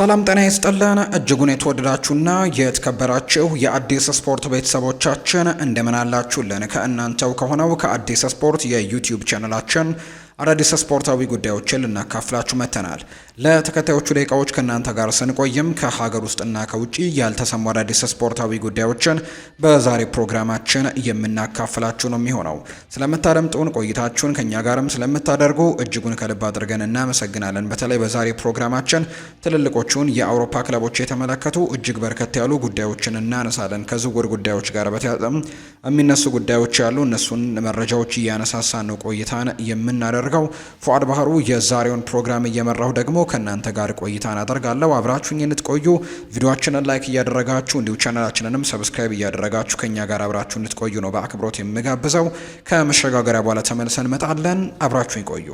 ሰላም ጤና ይስጥልን እጅጉን የተወደዳችሁና የተከበራችሁ የአዲስ ስፖርት ቤተሰቦቻችን እንደምን አላችሁልን? ከእናንተው ከሆነው ከአዲስ ስፖርት የዩቲዩብ ቻነላችን አዳዲስ ስፖርታዊ ጉዳዮችን ልናካፍላችሁ መጥተናል። ለተከታዮቹ ደቂቃዎች ከእናንተ ጋር ስንቆይም ከሀገር ውስጥና ከውጭ ያልተሰሙ አዳዲስ ስፖርታዊ ጉዳዮችን በዛሬ ፕሮግራማችን የምናካፍላችሁ ነው የሚሆነው። ስለምታደምጡን ቆይታችሁን ከእኛ ጋርም ስለምታደርጉ እጅጉን ከልብ አድርገን እናመሰግናለን። በተለይ በዛሬ ፕሮግራማችን ትልልቆቹን የአውሮፓ ክለቦች የተመለከቱ እጅግ በርከት ያሉ ጉዳዮችን እናነሳለን። ከዝውውር ጉዳዮች ጋር በተያያዘም የሚነሱ ጉዳዮች ያሉ እነሱን መረጃዎች እያነሳሳን ነው ቆይታን የምናደርግ አድርገው ፏድ ባህሩ የዛሬውን ፕሮግራም እየመራሁ ደግሞ ከእናንተ ጋር ቆይታን አደርጋለሁ። አብራችሁኝ እንድትቆዩ ቪዲዮችንን ላይክ እያደረጋችሁ እንዲሁ ቻናላችንንም ሰብስክራይብ እያደረጋችሁ ከእኛ ጋር አብራችሁ እንድትቆዩ ነው በአክብሮት የምጋብዘው። ከመሸጋገሪያ በኋላ ተመልሰን እንመጣለን። አብራችሁኝ ቆዩ።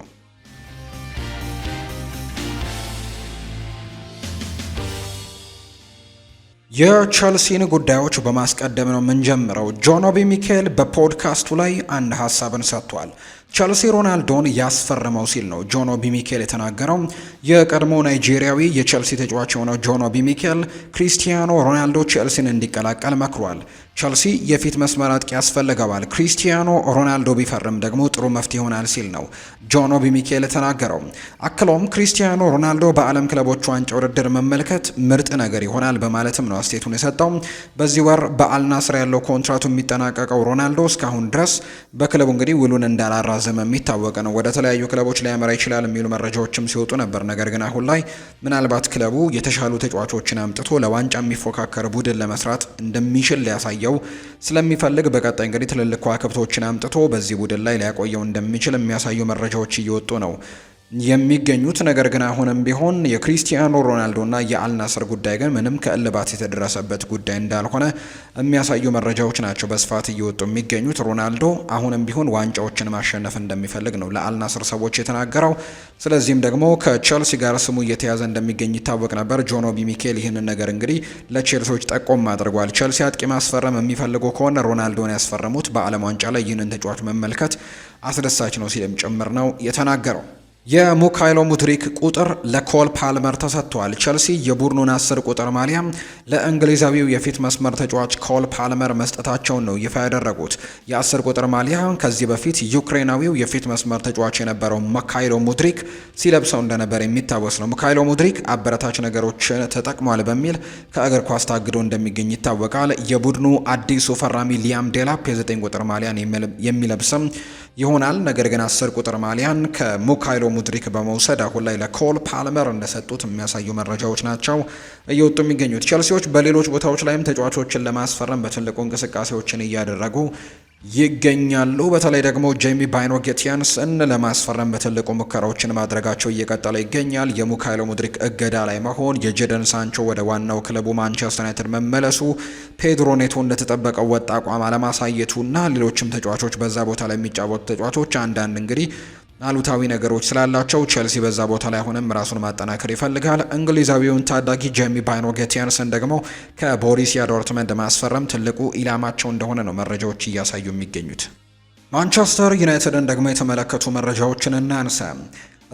የቸልሲን ጉዳዮች በማስቀደም ነው የምንጀምረው። ጆኖቢ ሚካኤል በፖድካስቱ ላይ አንድ ሀሳብን ሰጥቷል። ቸልሲ ሮናልዶን ያስፈረመው ሲል ነው ጆኖ ቢሚኬል የተናገረው። የቀድሞ ናይጄሪያዊ የቸልሲ ተጫዋች የሆነው ጆኖ ቢሚኬል ክሪስቲያኖ ሮናልዶ ቸልሲን እንዲቀላቀል መክሯል። ቸልሲ የፊት መስመር አጥቂ ያስፈልገዋል፣ ክሪስቲያኖ ሮናልዶ ቢፈርም ደግሞ ጥሩ መፍትሄ ይሆናል ሲል ነው ጆን ኦቢ ሚኬል ተናገረው። አክሎም ክሪስቲያኖ ሮናልዶ በዓለም ክለቦች ዋንጫ ውድድር መመልከት ምርጥ ነገር ይሆናል በማለትም ነው አስተያየቱን የሰጠው። በዚህ ወር በአልናስር ያለው ኮንትራቱ የሚጠናቀቀው ሮናልዶ እስካሁን ድረስ በክለቡ እንግዲህ ውሉን እንዳላራዘመ የሚታወቅ ነው። ወደ ተለያዩ ክለቦች ሊያመራ ይችላል የሚሉ መረጃዎችም ሲወጡ ነበር። ነገር ግን አሁን ላይ ምናልባት ክለቡ የተሻሉ ተጫዋቾችን አምጥቶ ለዋንጫ የሚፎካከር ቡድን ለመስራት እንደሚችል ሊያሳየ ሊያቆየው ስለሚፈልግ በቀጣይ እንግዲህ ትልልቅ ከዋክብቶችን አምጥቶ በዚህ ቡድን ላይ ሊያቆየው እንደሚችል የሚያሳዩ መረጃዎች እየወጡ ነው። የሚገኙት ነገር ግን አሁንም ቢሆን የክሪስቲያኖ ሮናልዶና የአልናስር ጉዳይ ግን ምንም ከእልባት የተደረሰበት ጉዳይ እንዳልሆነ የሚያሳዩ መረጃዎች ናቸው በስፋት እየወጡ የሚገኙት። ሮናልዶ አሁንም ቢሆን ዋንጫዎችን ማሸነፍ እንደሚፈልግ ነው ለአልናስር ሰዎች የተናገረው። ስለዚህም ደግሞ ከቸልሲ ጋር ስሙ እየተያዘ እንደሚገኝ ይታወቅ ነበር። ጆኖቢ ሚኬል ይህንን ነገር እንግዲህ ለቼልሲዎች ጠቆም አድርጓል። ቸልሲ አጥቂ ማስፈረም የሚፈልጉ ከሆነ ሮናልዶን ያስፈረሙት በዓለም ዋንጫ ላይ ይህንን ተጫዋች መመልከት አስደሳች ነው ሲልም ጭምር ነው የተናገረው። የሙካይሎ ሙድሪክ ቁጥር ለኮል ፓልመር ተሰጥቷል። ቸልሲ የቡድኑን አስር ቁጥር ማሊያ ለእንግሊዛዊው የፊት መስመር ተጫዋች ኮል ፓልመር መስጠታቸውን ነው ይፋ ያደረጉት። የአስር ቁጥር ማሊያ ከዚህ በፊት ዩክሬናዊው የፊት መስመር ተጫዋች የነበረው ሙካይሎ ሙድሪክ ሲለብሰው እንደነበር የሚታወስ ነው። ሙካይሎ ሙድሪክ አበረታች ነገሮችን ተጠቅሟል በሚል ከእግር ኳስ ታግዶ እንደሚገኝ ይታወቃል። የቡድኑ አዲሱ ፈራሚ ሊያም ዴላፕ የዘጠኝ ቁጥር ማሊያን የሚለብስም ይሆናል። ነገር ግን አስር ቁጥር ማሊያን ከሙካይሎ ሙድሪክ በመውሰድ አሁን ላይ ለኮል ፓልመር እንደሰጡት የሚያሳዩ መረጃዎች ናቸው እየወጡ የሚገኙት። ቸልሲዎች በሌሎች ቦታዎች ላይም ተጫዋቾችን ለማስፈረም በትልቁ እንቅስቃሴዎችን እያደረጉ ይገኛሉ። በተለይ ደግሞ ጄሚ ባይኖ ጌቲያንስን ለማስፈረም በትልቁ ሙከራዎችን ማድረጋቸው እየቀጠለ ይገኛል። የሙካይሎ ሙድሪክ እገዳ ላይ መሆን፣ የጀደን ሳንቾ ወደ ዋናው ክለቡ ማንቸስተር ዩናይትድ መመለሱ፣ ፔድሮ ኔቶ እንደተጠበቀው ወጥ አቋም አለማሳየቱና ሌሎችም ተጫዋቾች በዛ ቦታ ላይ የሚጫወቱ ተጫዋቾች አንዳንድ እንግዲህ አሉታዊ ነገሮች ስላላቸው ቸልሲ በዛ ቦታ ላይ አሁንም ራሱን ማጠናከር ይፈልጋል። እንግሊዛዊውን ታዳጊ ጀሚ ባይኖ ጌቲያንስን ደግሞ ከቦሪሲያ ዶርትመንድ ማስፈረም ትልቁ ኢላማቸው እንደሆነ ነው መረጃዎች እያሳዩ የሚገኙት። ማንቸስተር ዩናይትድን ደግሞ የተመለከቱ መረጃዎችን እናንሳ።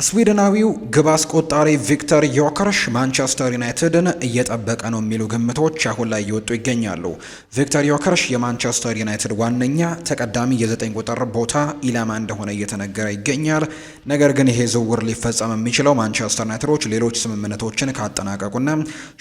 ስዊድናዊው ግብ አስቆጣሪ ቪክተር ዮከርሽ ማንቸስተር ዩናይትድን እየጠበቀ ነው የሚሉ ግምቶች አሁን ላይ እየወጡ ይገኛሉ። ቪክተር ዮከርሽ የማንቸስተር ዩናይትድ ዋነኛ ተቀዳሚ የዘጠኝ ቁጥር ቦታ ኢላማ እንደሆነ እየተነገረ ይገኛል። ነገር ግን ይሄ ዝውውር ሊፈጸም የሚችለው ማንቸስተር ዩናይትዶች ሌሎች ስምምነቶችን ካጠናቀቁና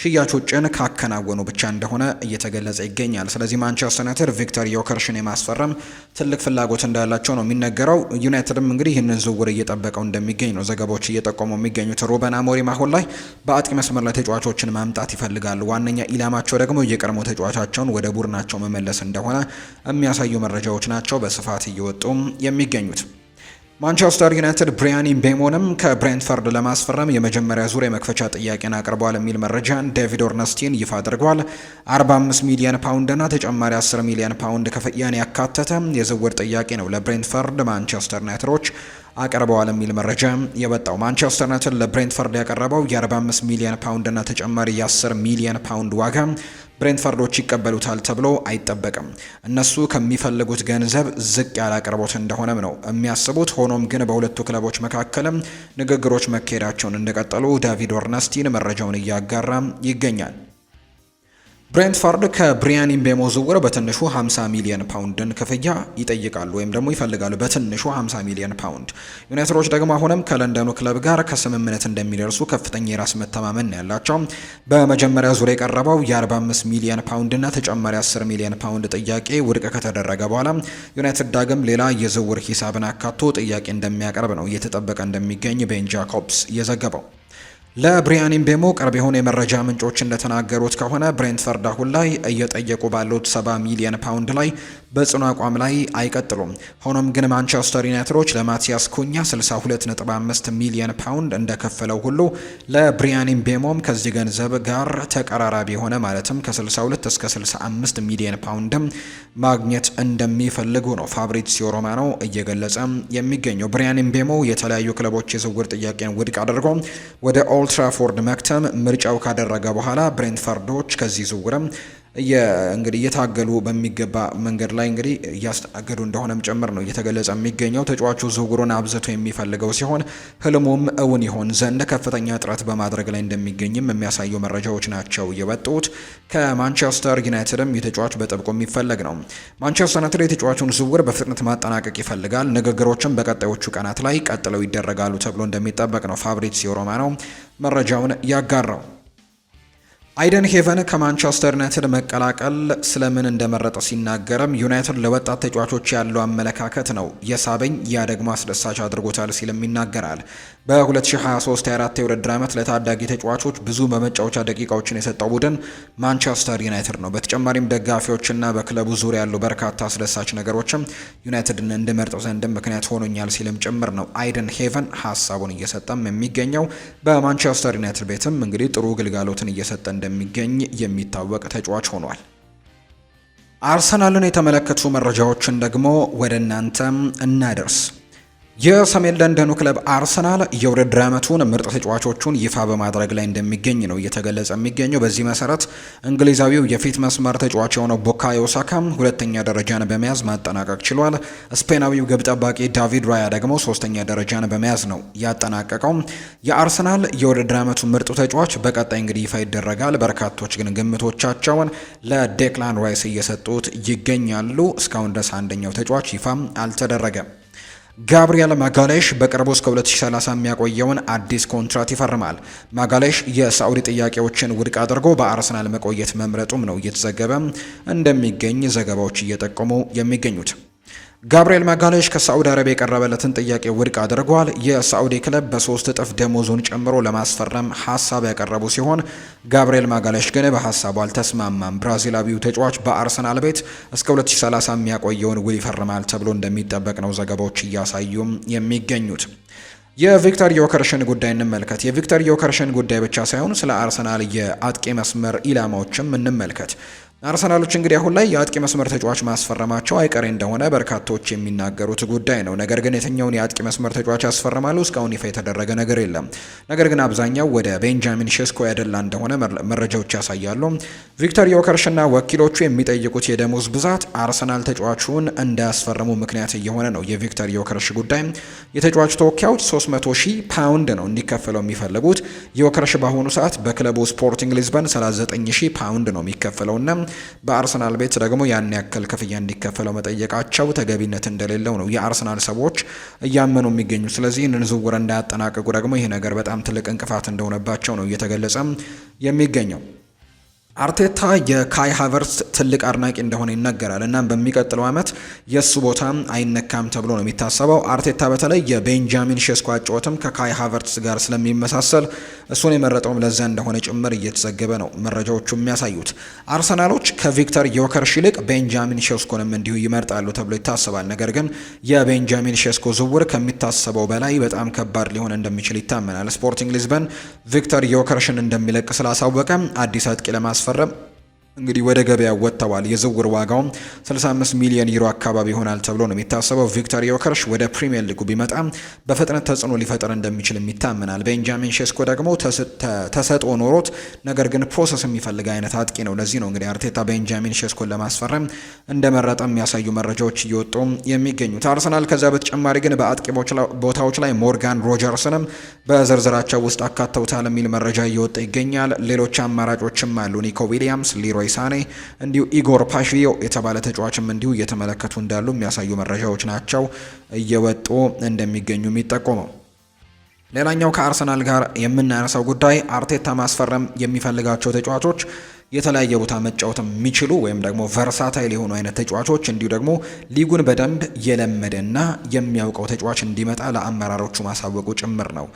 ሽያጮችን ካከናወኑ ብቻ እንደሆነ እየተገለጸ ይገኛል። ስለዚህ ማንቸስተር ዩናይትድ ቪክተር ዮከርሽን የማስፈረም ትልቅ ፍላጎት እንዳላቸው ነው የሚነገረው። ዩናይትድም እንግዲህ ይህንን ዝውውር እየጠበቀው እንደሚገኝ ነው ነው ዘገባዎች እየጠቆሙ የሚገኙት። ሩበን አሞሪም አሁን ላይ በአጥቂ መስመር ላይ ተጫዋቾችን ማምጣት ይፈልጋሉ። ዋነኛ ኢላማቸው ደግሞ የቀድሞ ተጫዋቻቸውን ወደ ቡድናቸው መመለስ እንደሆነ የሚያሳዩ መረጃዎች ናቸው በስፋት እየወጡ የሚገኙት። ማንቸስተር ዩናይትድ ብሪያን ምቤሞንም ከብሬንትፈርድ ለማስፈረም የመጀመሪያ ዙር የመክፈቻ ጥያቄን አቅርበዋል የሚል መረጃን ዴቪድ ኦርነስቲን ይፋ አድርጓል። 45 ሚሊዮን ፓውንድና ተጨማሪ 10 ሚሊዮን ፓውንድ ክፍያን ያካተተ የዝውውር ጥያቄ ነው ለብሬንትፈርድ ማንቸስተር ዩናይትዶች አቀርበዋል የሚል መረጃ የወጣው ማንቸስተር ዩናይትድ ለብሬንትፈርድ ያቀረበው የ45 ሚሊዮን ፓውንድና ተጨማሪ የ10 ሚሊዮን ፓውንድ ዋጋ ብሬንትፈርዶች ይቀበሉታል ተብሎ አይጠበቅም። እነሱ ከሚፈልጉት ገንዘብ ዝቅ ያለ አቅርቦት እንደሆነም ነው የሚያስቡት። ሆኖም ግን በሁለቱ ክለቦች መካከልም ንግግሮች መካሄዳቸውን እንደቀጠሉ ዳቪድ ኦርነስቲን መረጃውን እያጋራ ይገኛል። ብሬንትፋርድ ከብሪያን ምቤሞ ዝውውር በትንሹ 50 ሚሊዮን ፓውንድን ክፍያ ይጠይቃሉ ወይም ደግሞ ይፈልጋሉ። በትንሹ 50 ሚሊዮን ፓውንድ። ዩናይትዶች ደግሞ አሁንም ከለንደኑ ክለብ ጋር ከስምምነት እንደሚደርሱ ከፍተኛ የራስ መተማመን ያላቸው። በመጀመሪያ ዙር የቀረበው የ45 ሚሊዮን ፓውንድና ተጨማሪ 10 ሚሊዮን ፓውንድ ጥያቄ ውድቅ ከተደረገ በኋላ ዩናይትድ ዳግም ሌላ የዝውውር ሂሳብን አካቶ ጥያቄ እንደሚያቀርብ ነው እየተጠበቀ እንደሚገኝ ቤን ጃኮብስ የዘገበው። ለብሪያን ቤሞ ቅርብ የሆኑ የመረጃ ምንጮች እንደተናገሩት ከሆነ ብሬንትፈርድ አሁን ላይ እየጠየቁ ባሉት 70 ሚሊዮን ፓውንድ ላይ በጽኑ አቋም ላይ አይቀጥሉም። ሆኖም ግን ማንቸስተር ዩናይትዶች ለማቲያስ ኩኛ 62.5 ሚሊዮን ፓውንድ እንደከፈለው ሁሉ ለብሪያን ምቤሞም ከዚህ ገንዘብ ጋር ተቀራራቢ የሆነ ማለትም ከ62 እስከ 65 ሚሊዮን ፓውንድም ማግኘት እንደሚፈልጉ ነው ፋብሪዚዮ ሮማኖ እየገለጸ የሚገኘው። ብሪያን ቤሞ የተለያዩ ክለቦች የዝውውር ጥያቄን ውድቅ አድርጎ ወደ ኦልትራፎርድ መክተም ምርጫው ካደረገ በኋላ ብሬንትፈርዶች ከዚህ ዝውውርም እንግዲህ እየታገሉ በሚገባ መንገድ ላይ እንግዲህ እያስተናገዱ እንደሆነም ጭምር ነው እየተገለጸ የሚገኘው። ተጫዋቹ ዝውውሩን አብዝቶ የሚፈልገው ሲሆን ህልሙም እውን ይሆን ዘንድ ከፍተኛ ጥረት በማድረግ ላይ እንደሚገኝም የሚያሳዩ መረጃዎች ናቸው የወጡት። ከማንቸስተር ዩናይትድም የተጫዋች በጥብቁ የሚፈለግ ነው። ማንቸስተር ዩናይትድ የተጫዋቹን ዝውውር በፍጥነት ማጠናቀቅ ይፈልጋል። ንግግሮችም በቀጣዮቹ ቀናት ላይ ቀጥለው ይደረጋሉ ተብሎ እንደሚጠበቅ ነው ፋብሪዚዮ ሮማኖ መረጃውን ያጋራው። አይደን ሄቨን ከማንቸስተር ዩናይትድ መቀላቀል ስለምን እንደመረጠ ሲናገርም ዩናይትድ ለወጣት ተጫዋቾች ያለው አመለካከት ነው የሳበኝ፣ ያ ደግሞ አስደሳች አድርጎታል ሲልም ይናገራል። በ2023/24 የውድድር ዓመት ለታዳጊ ተጫዋቾች ብዙ በመጫወቻ ደቂቃዎችን የሰጠው ቡድን ማንቸስተር ዩናይትድ ነው። በተጨማሪም ደጋፊዎችና በክለቡ ዙሪያ ያሉ በርካታ አስደሳች ነገሮችም ዩናይትድን እንድመርጥ ዘንድም ምክንያት ሆኖኛል ሲልም ጭምር ነው አይደን ሄቨን ሀሳቡን እየሰጠም የሚገኘው። በማንቸስተር ዩናይትድ ቤትም እንግዲህ ጥሩ ግልጋሎትን እየሰጠ እንደሚገኝ የሚታወቅ ተጫዋች ሆኗል። አርሰናልን የተመለከቱ መረጃዎችን ደግሞ ወደ እናንተም እናደርስ። የሰሜን ለንደኑ ክለብ አርሰናል የውድድር ዓመቱን ምርጥ ተጫዋቾቹን ይፋ በማድረግ ላይ እንደሚገኝ ነው እየተገለጸ የሚገኘው። በዚህ መሰረት እንግሊዛዊው የፊት መስመር ተጫዋች የሆነው ቡካዮ ሳካም ሁለተኛ ደረጃን በመያዝ ማጠናቀቅ ችሏል። ስፔናዊው ግብ ጠባቂ ዳቪድ ራያ ደግሞ ሶስተኛ ደረጃን በመያዝ ነው ያጠናቀቀው። የአርሰናል የውድድር ዓመቱ ምርጡ ተጫዋች በቀጣይ እንግዲህ ይፋ ይደረጋል። በርካቶች ግን ግምቶቻቸውን ለዴክላን ራይስ እየሰጡት ይገኛሉ። እስካሁን ድረስ አንደኛው ተጫዋች ይፋም አልተደረገም። ጋብሪኤል ማጋሌሽ በቅርቡ እስከ 2030 የሚያቆየውን አዲስ ኮንትራት ይፈርማል። ማጋሌሽ የሳዑዲ ጥያቄዎችን ውድቅ አድርጎ በአርሰናል መቆየት መምረጡም ነው እየተዘገበ እንደሚገኝ ዘገባዎች እየጠቆሙ የሚገኙት። ጋብርኤል ማጋሌሽ ከሳዑዲ አረቢያ የቀረበለትን ጥያቄ ውድቅ አድርጓል። የሳዑዲ ክለብ በሶስት እጥፍ ደሞዙን ጨምሮ ለማስፈረም ሀሳብ ያቀረቡ ሲሆን ጋብርኤል ማጋሌሽ ግን በሀሳቡ አልተስማማም። ብራዚላዊው ተጫዋች በአርሰናል ቤት እስከ 2030 የሚያቆየውን ውል ይፈርማል ተብሎ እንደሚጠበቅ ነው ዘገባዎች እያሳዩም የሚገኙት። የቪክተር ዮከርሽን ጉዳይ እንመልከት። የቪክተር ዮከርሽን ጉዳይ ብቻ ሳይሆን ስለ አርሰናል የአጥቂ መስመር ኢላማዎችም እንመልከት። አርሰናሎች እንግዲህ አሁን ላይ የአጥቂ መስመር ተጫዋች ማስፈረማቸው አይቀሬ እንደሆነ በርካቶች የሚናገሩት ጉዳይ ነው። ነገር ግን የትኛውን የአጥቂ መስመር ተጫዋች ያስፈርማሉ እስካሁን ይፋ የተደረገ ነገር የለም። ነገር ግን አብዛኛው ወደ ቤንጃሚን ሼስኮ ያደላ እንደሆነ መረጃዎች ያሳያሉ። ቪክተር ዮከርሽና ወኪሎቹ የሚጠይቁት የደሞዝ ብዛት አርሰናል ተጫዋቹን እንዳያስፈርሙ ምክንያት እየሆነ ነው። የቪክተር ዮከርሽ ጉዳይ የተጫዋቹ ተወካዮች 300 ሺህ ፓውንድ ነው እንዲከፈለው የሚፈልጉት። ዮከርሽ በአሁኑ ሰዓት በክለቡ ስፖርቲንግ ሊዝበን 39 ሺህ ፓውንድ ነው የሚከፈለውና በአርሰናል ቤት ደግሞ ያን ያክል ክፍያ እንዲከፈለው መጠየቃቸው ተገቢነት እንደሌለው ነው የአርሰናል ሰዎች እያመኑ የሚገኙ። ስለዚህ ይህንን ዝውውር እንዳያጠናቅቁ ደግሞ ይህ ነገር በጣም ትልቅ እንቅፋት እንደሆነባቸው ነው እየተገለጸም የሚገኘው። አርቴታ የካይ ሃቨርስ ትልቅ አድናቂ እንደሆነ ይነገራል። እናም በሚቀጥለው ዓመት የእሱ ቦታ አይነካም ተብሎ ነው የሚታሰበው። አርቴታ በተለይ የቤንጃሚን ሼስኮ አጨዋወትም ከካይ ሃቨርስ ጋር ስለሚመሳሰል እሱን የመረጠውም ለዚያ እንደሆነ ጭምር እየተዘገበ ነው መረጃዎቹ የሚያሳዩት። አርሰናሎች ከቪክተር ዮከርሽ ይልቅ ቤንጃሚን ሼስኮንም እንዲሁ ይመርጣሉ ተብሎ ይታሰባል። ነገር ግን የቤንጃሚን ሼስኮ ዝውውር ከሚታሰበው በላይ በጣም ከባድ ሊሆን እንደሚችል ይታመናል። ስፖርቲንግ ሊዝበን ቪክተር ዮከርሽን እንደሚለቅ ስላሳወቀ አዲስ አጥቂ ለማስ አላስፈረም እንግዲህ ወደ ገበያ ወጥተዋል። የዝውውር ዋጋውም 65 ሚሊዮን ዩሮ አካባቢ ይሆናል ተብሎ ነው የሚታሰበው። ቪክተር ዮከርሽ ወደ ፕሪሚየር ሊጉ ቢመጣ በፍጥነት ተጽዕኖ ሊፈጥር እንደሚችል ይታመናል። ቤንጃሚን ሼስኮ ደግሞ ተሰጥኦ ኖሮት ነገር ግን ፕሮሰስ የሚፈልግ አይነት አጥቂ ነው። ለዚህ ነው እንግዲህ አርቴታ ቤንጃሚን ሼስኮን ለማስፈረም እንደመረጠ የሚያሳዩ መረጃዎች እየወጡ የሚገኙት። አርሰናል ከዛ በተጨማሪ ግን በአጥቂ ቦታዎች ላይ ሞርጋን ሮጀርስንም በዝርዝራቸው ውስጥ አካተውታል የሚል መረጃ እየወጣ ይገኛል። ሌሎች አማራጮችም አሉ። ኒኮ ዊሊያምስ ሊሮ ሌሮይ ሳኔ እንዲሁ ኢጎር ፓሽዮ የተባለ ተጫዋችም እንዲሁ እየተመለከቱ እንዳሉ የሚያሳዩ መረጃዎች ናቸው እየወጡ እንደሚገኙ የሚጠቆመው። ሌላኛው ከአርሰናል ጋር የምናነሳው ጉዳይ አርቴታ ማስፈረም የሚፈልጋቸው ተጫዋቾች የተለያየ ቦታ መጫወት የሚችሉ ወይም ደግሞ ቨርሳታይል የሆኑ አይነት ተጫዋቾች እንዲሁ ደግሞ ሊጉን በደንብ የለመደና የሚያውቀው ተጫዋች እንዲመጣ ለአመራሮቹ ማሳወቁ ጭምር ነው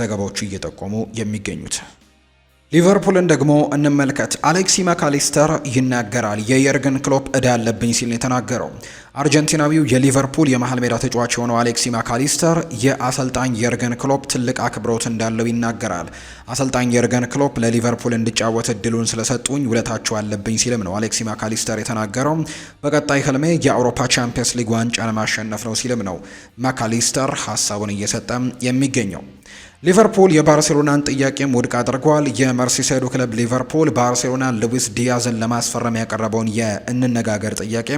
ዘገባዎቹ እየጠቆሙ የሚገኙት። ሊቨርፑልን ደግሞ እንመልከት። አሌክሲ ማካሊስተር ይናገራል። የየርገን ክሎፕ እዳ አለብኝ ሲል የተናገረው አርጀንቲናዊው የሊቨርፑል የመሀል ሜዳ ተጫዋች የሆነው አሌክሲ ማካሊስተር የአሰልጣኝ የርገን ክሎፕ ትልቅ አክብሮት እንዳለው ይናገራል። አሰልጣኝ የርገን ክሎፕ ለሊቨርፑል እንድጫወት እድሉን ስለሰጡኝ ውለታቸው አለብኝ ሲልም ነው አሌክሲ ማካሊስተር የተናገረው። በቀጣይ ህልሜ የአውሮፓ ቻምፒየንስ ሊግ ዋንጫ ለማሸነፍ ነው ሲልም ነው ማካሊስተር ሀሳቡን እየሰጠ የሚገኘው። ሊቨርፑል የባርሴሎናን ጥያቄም ውድቅ አድርጓል። የመርሲሳይዱ ክለብ ሊቨርፑል ባርሴሎና ሉዊስ ዲያዝን ለማስፈረም ያቀረበውን የእንነጋገር ጥያቄ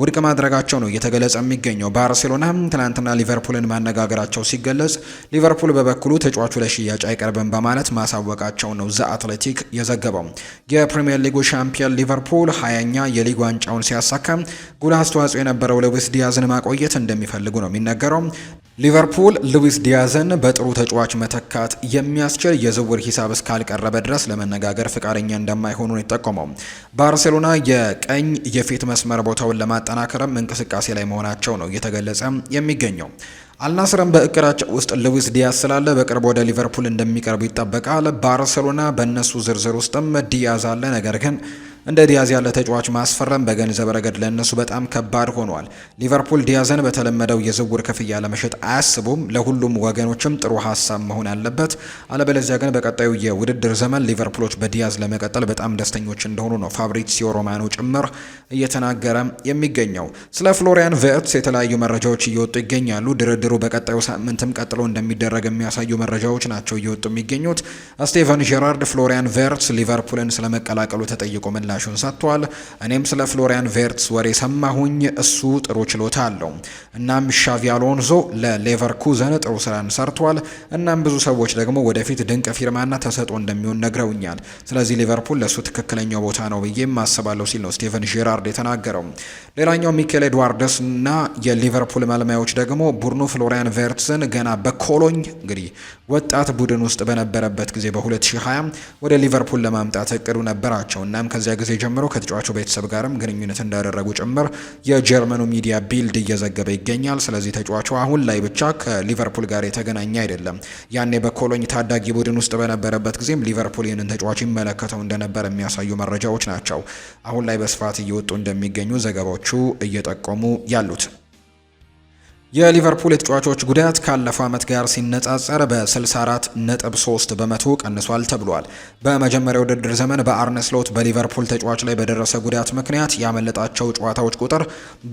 ውድቅ ማድረጋቸው ነው እየተገለጸ የሚገኘው። ባርሴሎና ትናንትና ሊቨርፑልን ማነጋገራቸው ሲገለጽ፣ ሊቨርፑል በበኩሉ ተጫዋቹ ለሽያጭ አይቀርብም በማለት ማሳወቃቸው ነው ዘ አትሌቲክ የዘገበው። የፕሪምየር ሊጉ ሻምፒየን ሊቨርፑል ሀያኛ የሊግ ዋንጫውን ሲያሳካ ጉልህ አስተዋጽኦ የነበረው ሉዊስ ዲያዝን ማቆየት እንደሚፈልጉ ነው የሚነገረው። ሊቨርፑል ሉዊስ ዲያዝን በጥሩ ተጫዋች መተካት የሚያስችል የዝውውር ሂሳብ እስካልቀረበ ድረስ ለመነጋገር ፍቃደኛ እንደማይሆኑ ነው የጠቆመው። ባርሴሎና የቀኝ የፊት መስመር ቦታውን ለማ ለማጠናከርም እንቅስቃሴ ላይ መሆናቸው ነው እየተገለጸ የሚገኘው። አልናስርም በእቅዳቸው ውስጥ ልዊስ ዲያዝ ስላለ በቅርብ ወደ ሊቨርፑል እንደሚቀርቡ ይጠበቃል። ባርሴሎና በእነሱ ዝርዝር ውስጥም ዲያዝ አለ ነገር ግን እንደ ዲያዝ ያለ ተጫዋች ማስፈረም በገንዘብ ረገድ ለእነሱ በጣም ከባድ ሆኗል። ሊቨርፑል ዲያዝን በተለመደው የዝውውር ክፍያ ለመሸጥ አያስቡም። ለሁሉም ወገኖችም ጥሩ ሀሳብ መሆን አለበት። አለበለዚያ ግን በቀጣዩ የውድድር ዘመን ሊቨርፑሎች በዲያዝ ለመቀጠል በጣም ደስተኞች እንደሆኑ ነው ፋብሪሲዮ ሮማኖ ጭምር እየተናገረ የሚገኘው። ስለ ፍሎሪያን ቨርትስ የተለያዩ መረጃዎች እየወጡ ይገኛሉ። ድርድሩ በቀጣዩ ሳምንትም ቀጥሎ እንደሚደረግ የሚያሳዩ መረጃዎች ናቸው እየወጡ የሚገኙት። ስቴቨን ጄራርድ ፍሎሪያን ቨርትስ ሊቨርፑልን ስለመቀላቀሉ ተጠይቆ ምን ምላሹን ሰጥቷል። እኔም ስለ ፍሎሪያን ቬርትስ ወሬ ሰማሁኝ። እሱ ጥሩ ችሎታ አለው። እናም ሻቪ አሎንዞ ለሌቨርኩዘን ጥሩ ስራን ሰርቷል። እናም ብዙ ሰዎች ደግሞ ወደፊት ድንቅ ፊርማና ተሰጦ እንደሚሆን ነግረውኛል። ስለዚህ ሊቨርፑል ለእሱ ትክክለኛው ቦታ ነው ብዬም አስባለሁ ሲል ነው ስቴቨን ጄራርድ የተናገረው። ሌላኛው ሚኬል ኤድዋርደስ እና የሊቨርፑል መልማዮች ደግሞ ቡድኑ ፍሎሪያን ቬርትስን ገና በኮሎኝ እንግዲህ ወጣት ቡድን ውስጥ በነበረበት ጊዜ በ2020 ወደ ሊቨርፑል ለማምጣት እቅዱ ነበራቸው እናም ከዚያ ጊዜ ጀምሮ ከተጫዋቹ ቤተሰብ ጋርም ግንኙነት እንዳደረጉ ጭምር የጀርመኑ ሚዲያ ቢልድ እየዘገበ ይገኛል። ስለዚህ ተጫዋቹ አሁን ላይ ብቻ ከሊቨርፑል ጋር የተገናኘ አይደለም። ያኔ በኮሎኝ ታዳጊ ቡድን ውስጥ በነበረበት ጊዜም ሊቨርፑል ይህንን ተጫዋች ይመለከተው እንደነበር የሚያሳዩ መረጃዎች ናቸው አሁን ላይ በስፋት እየወጡ እንደሚገኙ ዘገባዎቹ እየጠቆሙ ያሉት። የሊቨርፑል የተጫዋቾች ጉዳት ካለፈው ዓመት ጋር ሲነጻጸር በ64 ነጥብ 3 በመቶ ቀንሷል ተብሏል። በመጀመሪያው ውድድር ዘመን በአርነስሎት በሊቨርፑል ተጫዋች ላይ በደረሰ ጉዳት ምክንያት ያመለጣቸው ጨዋታዎች ቁጥር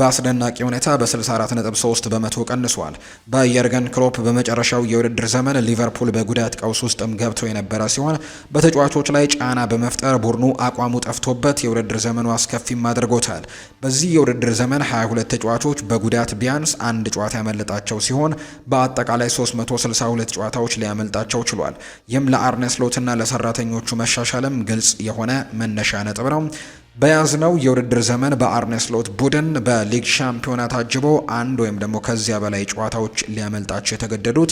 በአስደናቂ ሁኔታ በ64 ነጥብ 3 በመቶ ቀንሷል። በየርገን ክሎፕ በመጨረሻው የውድድር ዘመን ሊቨርፑል በጉዳት ቀውስ ውስጥም ገብቶ የነበረ ሲሆን በተጫዋቾች ላይ ጫና በመፍጠር ቡድኑ አቋሙ ጠፍቶበት የውድድር ዘመኑ አስከፊም አድርጎታል። በዚህ የውድድር ዘመን 22 ተጫዋቾች በጉዳት ቢያንስ አንድ ጨዋታ ጨዋታ ያመለጣቸው ሲሆን በአጠቃላይ 362 ጨዋታዎች ሊያመልጣቸው ችሏል። ይህም ለአርነስ ሎትና ለሰራተኞቹ መሻሻልም ግልጽ የሆነ መነሻ ነጥብ ነው። በያዝነው የውድድር ዘመን በአርነ ስሎት ቡድን በሊግ ሻምፒዮና ታጅቦ አንድ ወይም ደግሞ ከዚያ በላይ ጨዋታዎች ሊያመልጣቸው የተገደዱት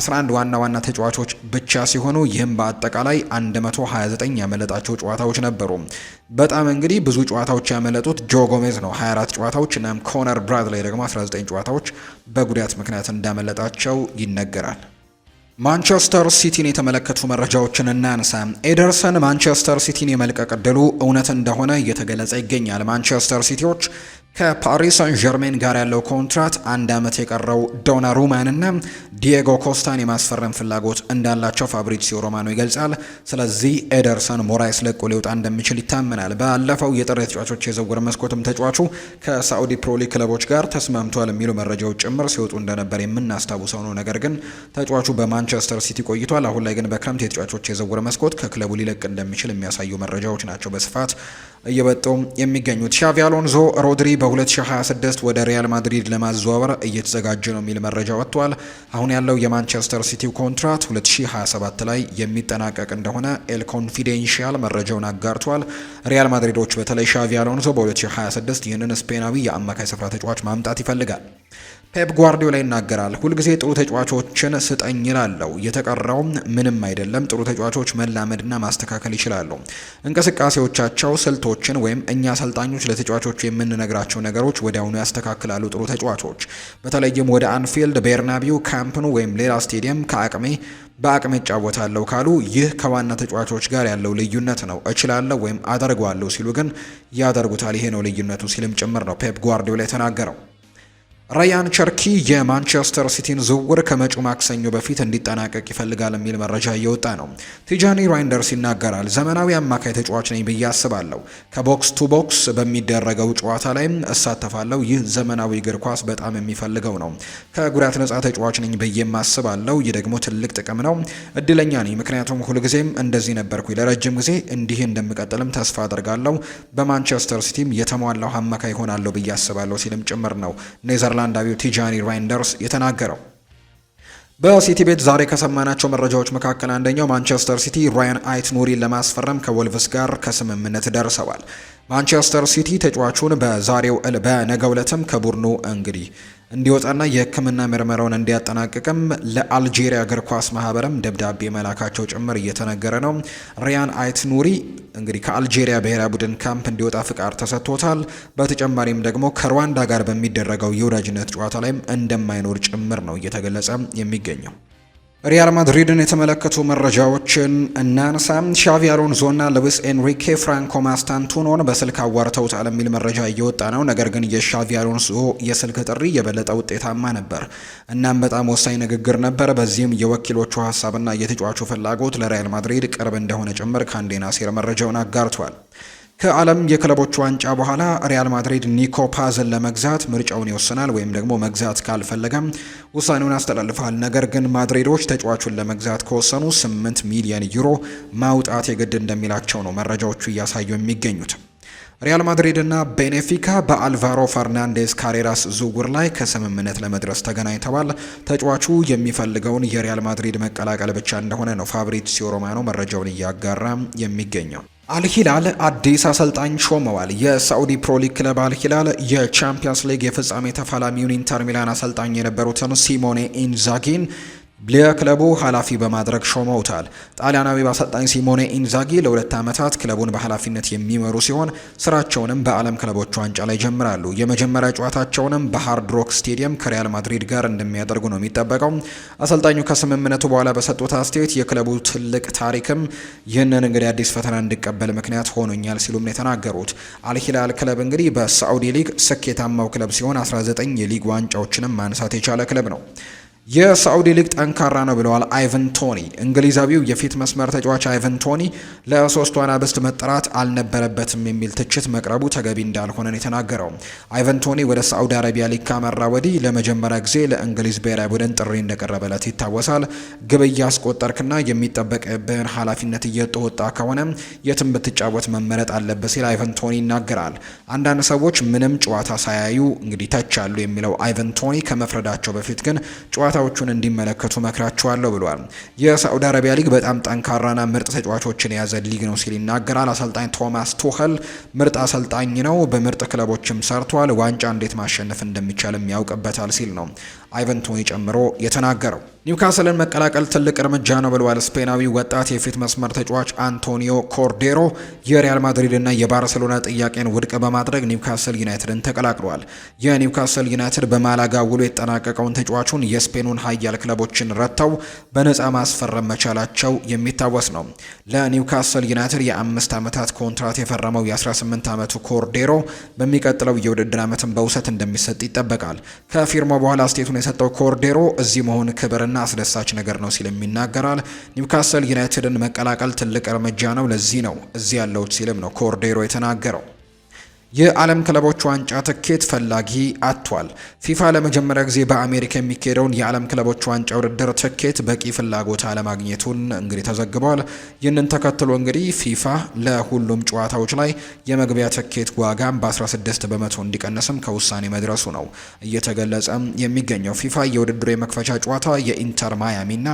11 ዋና ዋና ተጫዋቾች ብቻ ሲሆኑ ይህም በአጠቃላይ 129 ያመለጣቸው ጨዋታዎች ነበሩ። በጣም እንግዲህ ብዙ ጨዋታዎች ያመለጡት ጆ ጎሜዝ ነው 24 ጨዋታዎች፣ እናም ኮነር ብራድላይ ደግሞ 19 ጨዋታዎች በጉዳት ምክንያት እንዳመለጣቸው ይነገራል። ማንቸስተር ሲቲን የተመለከቱ መረጃዎችን እናንሳ። ኤደርሰን ማንቸስተር ሲቲን የመልቀቅ እድሉ እውነት እንደሆነ እየተገለጸ ይገኛል። ማንቸስተር ሲቲዎች ከፓሪስ ሳን ዠርሜን ጋር ያለው ኮንትራት አንድ ዓመት የቀረው ዶና ዶናሩማንና ዲየጎ ኮስታን የማስፈረም ፍላጎት እንዳላቸው ፋብሪዚዮ ሮማኖ ይገልጻል። ስለዚህ ኤደርሰን ሞራይስ ለቆ ሊወጣ እንደሚችል ይታመናል። ባለፈው የጥር ተጫዋቾች የዝውውር መስኮትም ተጫዋቹ ከሳዑዲ ፕሮሊ ክለቦች ጋር ተስማምቷል የሚሉ መረጃዎች ጭምር ሲወጡ እንደነበር የምናስታውሰው ነው። ነገር ግን ተጫዋቹ በማንቸስተር ሲቲ ቆይቷል። አሁን ላይ ግን በክረምት የተጫዋቾች የዝውውር መስኮት ከክለቡ ሊለቅ እንደሚችል የሚያሳዩ መረጃዎች ናቸው በስፋት እየወጡ የሚገኙት። ሻቪ አሎንዞ ሮድሪ በ2026 ወደ ሪያል ማድሪድ ለማዘዋወር እየተዘጋጀ ነው የሚል መረጃ ወጥቷል። አሁን ያለው የማንቸስተር ሲቲው ኮንትራት 2027 ላይ የሚጠናቀቅ እንደሆነ ኤል መረጃውን አጋርቷል። ሪያል ማድሪዶች በተለይ ሻቪ አሎንዞ በ2026 ይህንን ስፔናዊ የአማካይ ስፍራ ተጫዋች ማምጣት ይፈልጋል። ፔፕ ጓርዲዮላ ይናገራል። ሁልጊዜ ጥሩ ተጫዋቾችን ስጠኝ ይላለው። የተቀረውም ምንም አይደለም። ጥሩ ተጫዋቾች መላመድና ማስተካከል ይችላሉ። እንቅስቃሴዎቻቸው፣ ስልቶችን ወይም እኛ አሰልጣኞች ለተጫዋቾች የምንነግራቸው ነገሮች ወዲያውኑ ያስተካክላሉ። ጥሩ ተጫዋቾች በተለይም ወደ አንፊልድ፣ ቤርናቢው፣ ካምፕኑ ወይም ሌላ ስቴዲየም ከአቅሜ በአቅሜ እጫወታለሁ ካሉ ይህ ከዋና ተጫዋቾች ጋር ያለው ልዩነት ነው። እችላለሁ ወይም አደርገዋለሁ ሲሉ ግን ያደርጉታል። ይሄ ነው ልዩነቱ ሲልም ጭምር ነው ፔፕ ጓርዲዮላ የተናገረው። ራያን ቸርኪ የማንቸስተር ሲቲን ዝውውር ከመጪው ማክሰኞ በፊት እንዲጠናቀቅ ይፈልጋል የሚል መረጃ እየወጣ ነው። ቲጃኒ ራይንደርስ ይናገራል። ዘመናዊ አማካይ ተጫዋች ነኝ ብዬ አስባለሁ። ከቦክስ ቱ ቦክስ በሚደረገው ጨዋታ ላይም እሳተፋለሁ። ይህ ዘመናዊ እግር ኳስ በጣም የሚፈልገው ነው። ከጉዳት ነጻ ተጫዋች ነኝ ብዬም አስባለሁ። ይህ ደግሞ ትልቅ ጥቅም ነው። እድለኛ ነኝ፣ ምክንያቱም ሁልጊዜም እንደዚህ ነበርኩኝ። ለረጅም ጊዜ እንዲህ እንደምቀጥልም ተስፋ አድርጋለሁ። በማንቸስተር ሲቲም የተሟላው አማካይ ሆናለሁ ብዬ አስባለሁ ሲልም ጭምር ነው ኔዘርላ ኔዘርላንዳዊው ቲጃኒ ራይንደርስ የተናገረው። በሲቲ ቤት ዛሬ ከሰማናቸው መረጃዎች መካከል አንደኛው ማንቸስተር ሲቲ ራያን አይት ኑሪን ለማስፈረም ከወልቭስ ጋር ከስምምነት ደርሰዋል። ማንቸስተር ሲቲ ተጫዋቹን በዛሬው በነገው ዕለትም ከቡድኑ እንግዲህ እንዲወጣና የሕክምና ምርመራውን እንዲያጠናቅቅም ለአልጄሪያ እግር ኳስ ማህበርም ደብዳቤ መላካቸው ጭምር እየተነገረ ነው። ሪያን አይት ኑሪ እንግዲህ ከአልጄሪያ ብሔራዊ ቡድን ካምፕ እንዲወጣ ፍቃድ ተሰጥቶታል። በተጨማሪም ደግሞ ከሩዋንዳ ጋር በሚደረገው የወዳጅነት ጨዋታ ላይም እንደማይኖር ጭምር ነው እየተገለጸ የሚገኘው። ሪያል ማድሪድን የተመለከቱ መረጃዎችን እናንሳ። ሻቪ አሎንሶና ሉዊስ ኤንሪኬ ፍራንኮ ማስታንቱኖን በስልክ አዋርተውታል የሚል መረጃ እየወጣ ነው። ነገር ግን የሻቪ አሎንሶ የስልክ ጥሪ የበለጠ ውጤታማ ነበር፣ እናም በጣም ወሳኝ ንግግር ነበር። በዚህም የወኪሎቹ ሀሳብና የተጫዋቹ ፍላጎት ለሪያል ማድሪድ ቅርብ እንደሆነ ጭምር ካንዴ ናሴር መረጃውን አጋርቷል። ከዓለም የክለቦች ዋንጫ በኋላ ሪያል ማድሪድ ኒኮ ፓዝን ለመግዛት ምርጫውን ይወስናል ወይም ደግሞ መግዛት ካልፈለገም ውሳኔውን ያስተላልፋል። ነገር ግን ማድሪዶች ተጫዋቹን ለመግዛት ከወሰኑ 8 ሚሊዮን ዩሮ ማውጣት የግድ እንደሚላቸው ነው መረጃዎቹ እያሳዩ የሚገኙት። ሪያል ማድሪድ እና ቤኔፊካ በአልቫሮ ፈርናንዴዝ ካሬራስ ዝውውር ላይ ከስምምነት ለመድረስ ተገናኝተዋል። ተጫዋቹ የሚፈልገውን የሪያል ማድሪድ መቀላቀል ብቻ እንደሆነ ነው ፋብሪዚዮ ሮማኖ መረጃውን እያጋራ የሚገኘው። አልሂላል አዲስ አሰልጣኝ ሾመዋል። የሳዑዲ ፕሮሊግ ክለብ አልሂላል የቻምፒየንስ ሊግ የፍጻሜ ተፋላሚውን ኢንተር ሚላን አሰልጣኝ የነበሩትን ሲሞኔ ኢንዛጊን ለክለቡ ኃላፊ በማድረግ ሾመውታል። ጣሊያናዊ አሰልጣኝ ሲሞኔ ኢንዛጊ ለሁለት ዓመታት ክለቡን በኃላፊነት የሚመሩ ሲሆን ስራቸውንም በዓለም ክለቦች ዋንጫ ላይ ጀምራሉ። የመጀመሪያ ጨዋታቸውንም በሃርድ ሮክ ስቴዲየም ከሪያል ማድሪድ ጋር እንደሚያደርጉ ነው የሚጠበቀው። አሰልጣኙ ከስምምነቱ በኋላ በሰጡት አስተያየት የክለቡ ትልቅ ታሪክም ይህንን እንግዲህ አዲስ ፈተና እንዲቀበል ምክንያት ሆኖኛል ሲሉም ነው የተናገሩት። አልሂላል ክለብ እንግዲህ በሳዑዲ ሊግ ስኬታማው ክለብ ሲሆን 19 የሊግ ዋንጫዎችንም ማንሳት የቻለ ክለብ ነው። የሳዑዲ ሊግ ጠንካራ ነው ብለዋል አይቨን ቶኒ። እንግሊዛዊው የፊት መስመር ተጫዋች አይቨን ቶኒ ለሶስቱ አናብስት መጠራት አልነበረበትም የሚል ትችት መቅረቡ ተገቢ እንዳልሆነ የተናገረው። አይቨን ቶኒ ወደ ሳዑዲ አረቢያ ሊግ ካመራ ወዲህ ለመጀመሪያ ጊዜ ለእንግሊዝ ብሔራዊ ቡድን ጥሪ እንደቀረበለት ይታወሳል። ግብ እያስቆጠርክና የሚጠበቅብህን ኃላፊነት እየተወጣ ከሆነ የትም ብትጫወት መመረጥ አለበት ሲል አይቨን ቶኒ ይናገራል። አንዳንድ ሰዎች ምንም ጨዋታ ሳያዩ እንግዲህ ተቻሉ የሚለው አይቨን ቶኒ ከመፍረዳቸው በፊት ግን ጨዋታ ሁኔታዎቹን እንዲመለከቱ መክራቸዋለሁ ብሏል። የሳዑዲ አረቢያ ሊግ በጣም ጠንካራና ምርጥ ተጫዋቾችን የያዘ ሊግ ነው ሲል ይናገራል። አሰልጣኝ ቶማስ ቱኸል ምርጥ አሰልጣኝ ነው፣ በምርጥ ክለቦችም ሰርቷል። ዋንጫ እንዴት ማሸነፍ እንደሚቻልም ያውቅበታል ሲል ነው አይቨንቶኒ ጨምሮ የተናገረው። ኒውካስልን መቀላቀል ትልቅ እርምጃ ነው ብለዋል ስፔናዊ ወጣት የፊት መስመር ተጫዋች አንቶኒዮ ኮርዴሮ። የሪያል ማድሪድ ና የባርሴሎና ጥያቄን ውድቅ በማድረግ ኒውካስል ዩናይትድን ተቀላቅሏል። የኒውካስል ዩናይትድ በማላጋ ውሎ የተጠናቀቀውን ተጫዋቹን የስፔኑን ሀያል ክለቦችን ረድተው በነፃ ማስፈረም መቻላቸው የሚታወስ ነው። ለኒውካስል ዩናይትድ የአምስት ዓመታት ኮንትራት የፈረመው የ18 ዓመቱ ኮርዴሮ በሚቀጥለው የውድድር ዓመትን በውሰት እንደሚሰጥ ይጠበቃል። ከፊርማው በኋላ ስቴቱን የሰጠው ኮርዴሮ እዚህ መሆን ክብርና አስደሳች ነገር ነው ሲልም ይናገራል። ኒውካስል ዩናይትድን መቀላቀል ትልቅ እርምጃ ነው፣ ለዚህ ነው እዚህ ያለሁት ሲልም ነው ኮርዴሮ የተናገረው። የዓለም ክለቦች ዋንጫ ትኬት ፈላጊ አጥቷል። ፊፋ ለመጀመሪያ ጊዜ በአሜሪካ የሚካሄደውን የዓለም ክለቦች ዋንጫ ውድድር ትኬት በቂ ፍላጎት አለማግኘቱን እንግዲህ ተዘግቧል። ይህንን ተከትሎ እንግዲህ ፊፋ ለሁሉም ጨዋታዎች ላይ የመግቢያ ትኬት ዋጋም በ16 በመቶ እንዲቀንስም ከውሳኔ መድረሱ ነው እየተገለጸ የሚገኘው። ፊፋ የውድድሩ የመክፈቻ ጨዋታ የኢንተር ማያሚና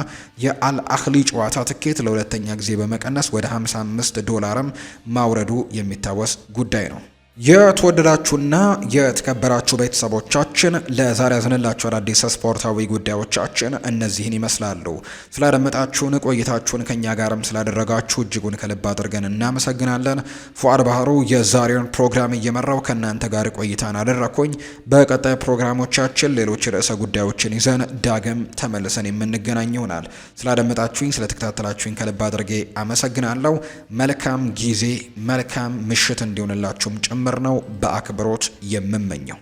የአልአህሊ ጨዋታ ትኬት ለሁለተኛ ጊዜ በመቀነስ ወደ 55 ዶላርም ማውረዱ የሚታወስ ጉዳይ ነው። የተወደዳችሁና የተከበራችሁ ቤተሰቦቻችን ለዛሬ ያዝንላችሁ አዳዲስ ስፖርታዊ ጉዳዮቻችን እነዚህን ይመስላሉ። ስላደመጣችሁን ቆይታችሁን ከእኛ ጋርም ስላደረጋችሁ እጅጉን ከልብ አድርገን እናመሰግናለን። ፉአድ ባህሩ የዛሬውን ፕሮግራም እየመራው ከእናንተ ጋር ቆይታን አደረኩኝ። በቀጣይ ፕሮግራሞቻችን ሌሎች ርዕሰ ጉዳዮችን ይዘን ዳግም ተመልሰን የምንገናኝ ይሆናል። ስላደመጣችሁኝ፣ ስለተከታተላችሁኝ ከልብ አድርጌ አመሰግናለሁ። መልካም ጊዜ፣ መልካም ምሽት እንዲሆንላችሁም ጭምር ጭምር ነው በአክብሮት የምመኘው።